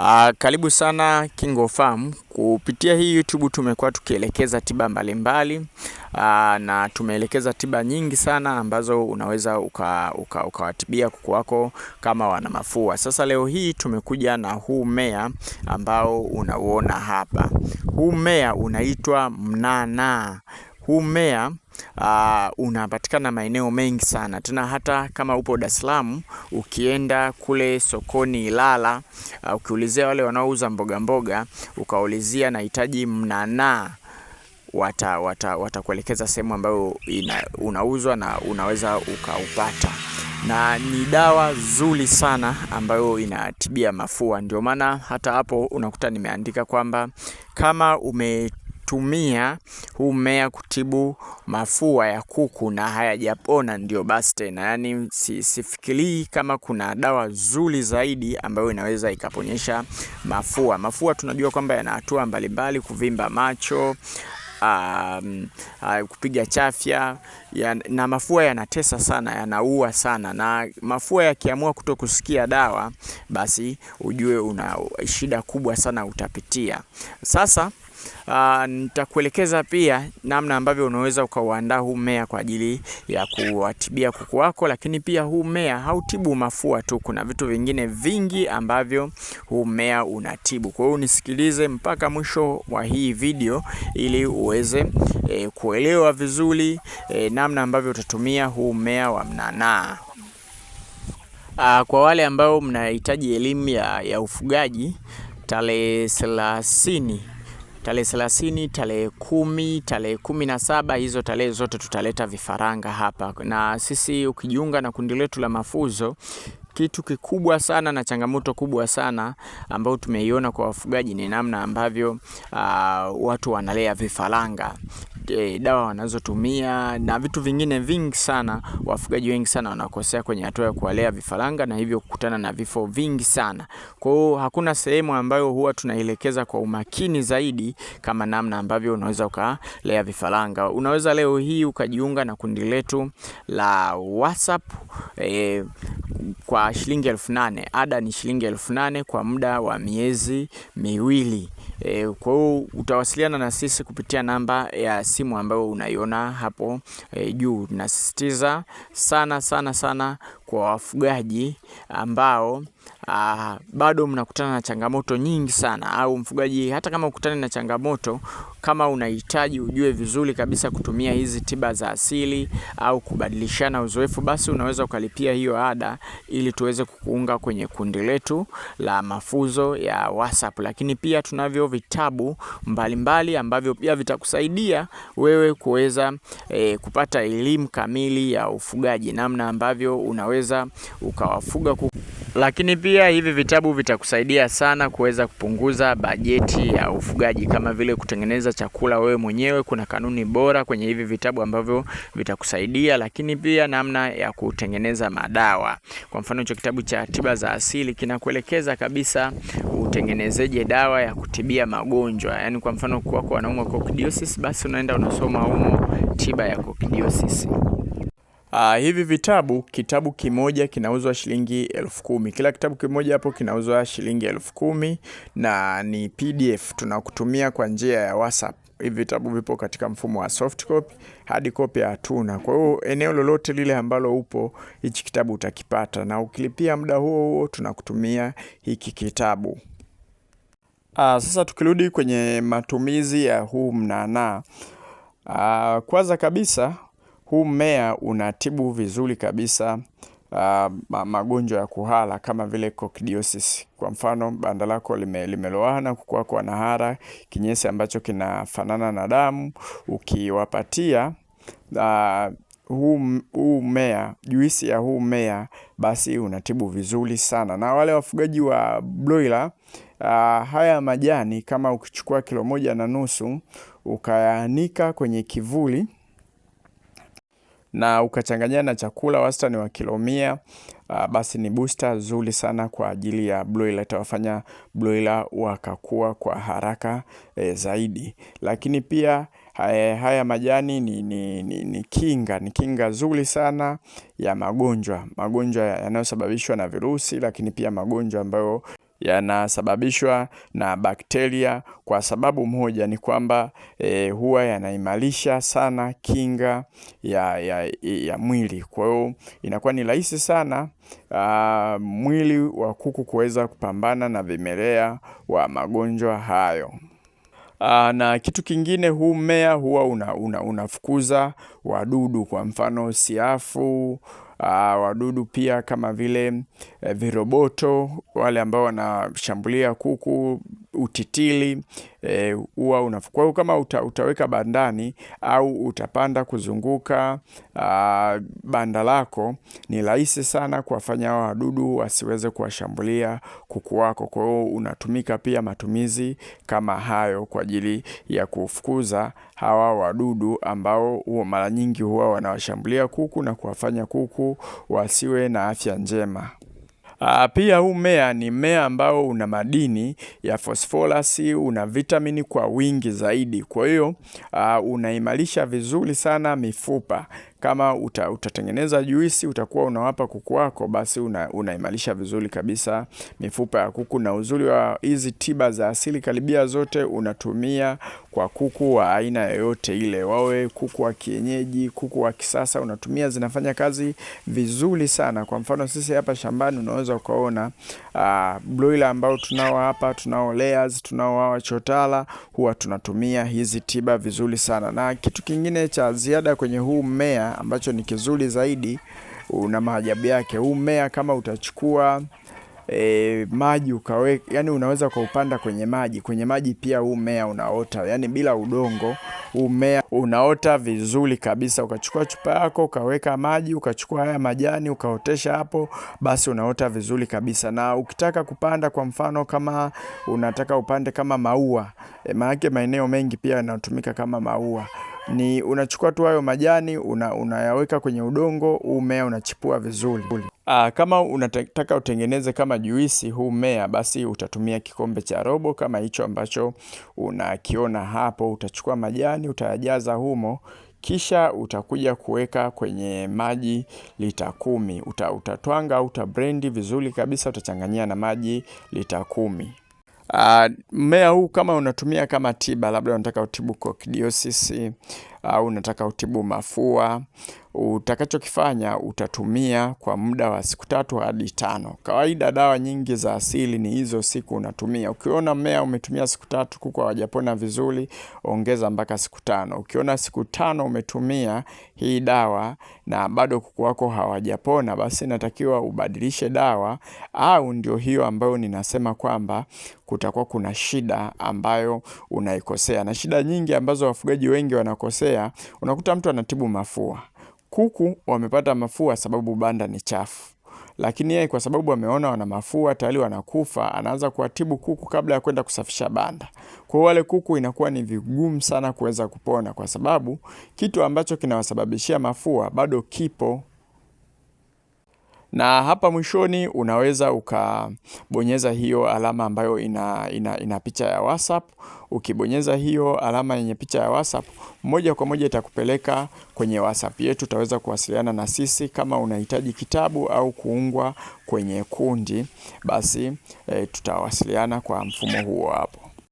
Uh, karibu sana KingoFarm. Kupitia hii YouTube tumekuwa tukielekeza tiba mbalimbali mbali. Uh, na tumeelekeza tiba nyingi sana ambazo unaweza ukawatibia uka, uka kuku wako kama wana mafua. Sasa leo hii tumekuja na huu mmea ambao unauona hapa. Huu mmea unaitwa mnanaa. Huu mmea uh, unapatikana maeneo mengi sana tena, hata kama upo Dar es Salaam ukienda kule sokoni Ilala, uh, ukiulizia wale wanaouza mboga mboga, ukaulizia nahitaji mnanaa watakuelekeza wata, wata sehemu ambayo unauzwa na unaweza ukaupata, na ni dawa nzuri sana ambayo inatibia mafua. Ndio maana hata hapo unakuta nimeandika kwamba kama ume tumia huu mmea kutibu mafua ya kuku na hayajapona, ndio basi tena. Yani si, sifikirii kama kuna dawa nzuri zaidi ambayo inaweza ikaponyesha mafua. Mafua tunajua kwamba yana hatua mbalimbali: kuvimba macho Um, uh, kupiga chafya ya, na mafua yanatesa sana, yanaua sana, na mafua yakiamua kuto kusikia dawa, basi ujue una shida kubwa sana utapitia sasa. Uh, nitakuelekeza pia namna ambavyo unaweza ukauandaa huu mmea kwa ajili ya kuwatibia kuku wako, lakini pia huu mmea hautibu mafua tu, kuna vitu vingine vingi ambavyo huu mmea unatibu. Kwa hiyo unisikilize mpaka mwisho wa hii video ili uweze eh, kuelewa vizuri eh, namna ambavyo utatumia huu mmea wa mnanaa. Uh, kwa wale ambao mnahitaji elimu ya, ya ufugaji tarehe thelathini tarehe 30, tarehe kumi, tarehe kumi na saba. Hizo tarehe zote tutaleta vifaranga hapa, na sisi ukijiunga na kundi letu la mafuzo kitu kikubwa sana na changamoto kubwa sana ambayo tumeiona kwa wafugaji ni namna ambavyo uh, watu wanalea vifaranga e, dawa wanazotumia na vitu vingine vingi sana. Wafugaji wengi sana wanakosea kwenye hatua ya kuwalea vifaranga na hivyo kukutana na vifo vingi sana. Kwa hiyo hakuna sehemu ambayo huwa tunaelekeza kwa umakini zaidi kama namna ambavyo unaweza ukalea vifaranga. Unaweza leo hii ukajiunga na kundi letu la WhatsApp e, kwa shilingi elfu nane. Ada ni shilingi elfu nane kwa muda wa miezi miwili. E, kwa hiyo utawasiliana na sisi kupitia namba ya simu ambayo unaiona hapo e, juu. Nasisitiza sana sana sana kwa wafugaji ambao uh, bado mnakutana na changamoto nyingi sana, au mfugaji, hata kama ukutane na changamoto, kama unahitaji ujue vizuri kabisa kutumia hizi tiba za asili au kubadilishana uzoefu, basi unaweza ukalipia hiyo ada ili tuweze kukuunga kwenye kundi letu la mafuzo ya WhatsApp. Lakini pia tunavyo vitabu mbalimbali mbali, ambavyo pia vitakusaidia wewe kuweza e, kupata elimu kamili ya ufugaji, namna ambavyo unaweza ukawafuga kuku. Lakini pia hivi vitabu vitakusaidia sana kuweza kupunguza bajeti ya ufugaji, kama vile kutengeneza chakula wewe mwenyewe. Kuna kanuni bora kwenye hivi vitabu ambavyo vitakusaidia, lakini pia namna ya kutengeneza madawa. Kwa mfano, hicho kitabu cha tiba za asili kinakuelekeza kabisa utengenezeje dawa ya kutibia magonjwa. yani kwa mfano, kwa wanaumwa kokidiosis, basi unaenda unasoma humo tiba ya kokidiosis. Uh, hivi vitabu kitabu kimoja kinauzwa shilingi elfu kumi. Kila kitabu kimoja hapo kinauzwa shilingi elfu kumi na ni PDF tunakutumia kwa njia ya WhatsApp. Hivi vitabu vipo katika mfumo wa soft copy, hard copy hatuna. Kwa hiyo eneo lolote lile ambalo upo hichi kitabu utakipata, na ukilipia muda huo huo tunakutumia hiki kitabu. Aa, ah, sasa tukirudi kwenye matumizi ya huu mnanaa, ah, kwanza kabisa huu mmea unatibu vizuri kabisa uh, magonjwa ya kuhara kama vile kokidiosis. Kwa mfano banda lako lime, limelowana, kuku wako wanahara kinyesi ambacho kinafanana na damu, ukiwapatia uh, huu huu mmea juisi ya huu mmea basi unatibu vizuri sana. Na wale wafugaji wa broiler uh, haya majani kama ukichukua kilo moja na nusu ukayaanika kwenye kivuli na ukachanganya na chakula wastani wa kilo mia, uh, basi ni booster zuri sana kwa ajili ya broiler. Itawafanya broiler wakakua kwa haraka e, zaidi, lakini pia haya, eh, haya majani ni, ni, ni, ni kinga ni kinga zuri sana ya magonjwa magonjwa yanayosababishwa na virusi, lakini pia magonjwa ambayo yanasababishwa na bakteria. Kwa sababu moja ni kwamba e, huwa yanaimarisha sana kinga ya, ya, ya mwili. Kwa hiyo inakuwa ni rahisi sana a, ah, mwili wa kuku kuweza kupambana na vimelea wa magonjwa hayo. Aa, ah, na kitu kingine huu mmea huwa unafukuza una, una wadudu kwa mfano siafu uh, wadudu pia kama vile uh, viroboto wale ambao wanashambulia kuku utitili eh, huwa e, unafu. Kwa kama uta, utaweka bandani au utapanda kuzunguka a, ah, banda lako, ni rahisi sana kuwafanya hao wadudu wasiweze kuwashambulia kuku wako. Kwa hiyo unatumika pia matumizi kama hayo kwa ajili ya kufukuza hawa wadudu ambao mara nyingi huwa wanawashambulia kuku na kuwafanya kuku wasiwe na afya njema. Ah, pia huu mmea ni mmea ambao una madini ya fosforasi, una vitamini kwa wingi zaidi. Kwa hiyo ah, unaimarisha vizuri sana mifupa. Kama uta, utatengeneza juisi utakuwa unawapa kuku wako, basi una, unaimarisha vizuri kabisa mifupa ya kuku, na uzuri wa hizi tiba za asili karibia zote unatumia kwa kuku wa aina yoyote ile, wawe kuku wa kienyeji, kuku wa kisasa, unatumia zinafanya kazi vizuri sana. Kwa mfano sisi hapa shambani unaweza ukaona uh, broiler ambao tunao hapa, tunao layers, tunao hawa chotala, huwa tunatumia hizi tiba vizuri sana. Na kitu kingine cha ziada kwenye huu mmea ambacho ni kizuri zaidi, una maajabu yake. Huu mmea kama utachukua e, maji ukawe, yani unaweza kuupanda kwenye maji. Kwenye maji pia huu mmea unaota, yani bila udongo huu mmea unaota vizuri kabisa. Ukachukua chupa yako ukaweka maji, ukachukua haya majani ukaotesha hapo, basi unaota vizuri kabisa. Na ukitaka kupanda, kwa mfano kama unataka upande kama maua e, maanake maeneo mengi pia yanatumika kama maua ni unachukua tu hayo majani una, unayaweka kwenye udongo, huu mmea unachipua vizuri. Aa, ah, kama unataka utengeneze kama juisi huu mmea, basi utatumia kikombe cha robo kama hicho ambacho unakiona hapo. Utachukua majani utayajaza humo kisha utakuja kuweka kwenye maji lita kumi. Uta, utatwanga utabrendi vizuri kabisa, utachanganyia na maji lita kumi. Ah, mmea uh, huu kama unatumia kama tiba, labda unataka utibu kokidiosis au unataka utibu mafua, utakachokifanya utatumia kwa muda wa siku tatu hadi tano. Kawaida dawa nyingi za asili ni hizo siku unatumia. Ukiona mmea umetumia siku tatu kuku hawajapona vizuri, ongeza mpaka siku tano. Ukiona siku tano umetumia hii dawa na bado kuku wako hawajapona, basi inatakiwa ubadilishe dawa, au ndio hiyo ambayo ninasema kwamba kutakuwa kuna shida ambayo unaikosea, na shida nyingi ambazo wafugaji wengi wanakosea kutokea, unakuta mtu anatibu mafua. Kuku wamepata mafua sababu banda ni chafu, lakini yeye kwa sababu ameona wana mafua tayari wanakufa, anaanza kuwatibu kuku kabla ya kwenda kusafisha banda. Kwa wale kuku inakuwa ni vigumu sana kuweza kupona, kwa sababu kitu ambacho kinawasababishia mafua bado kipo na hapa mwishoni unaweza ukabonyeza hiyo alama ambayo ina, ina, ina picha ya WhatsApp. Ukibonyeza hiyo alama yenye picha ya WhatsApp moja kwa moja itakupeleka kwenye WhatsApp yetu, utaweza kuwasiliana na sisi. Kama unahitaji kitabu au kuungwa kwenye kundi, basi e, tutawasiliana kwa mfumo huo hapo.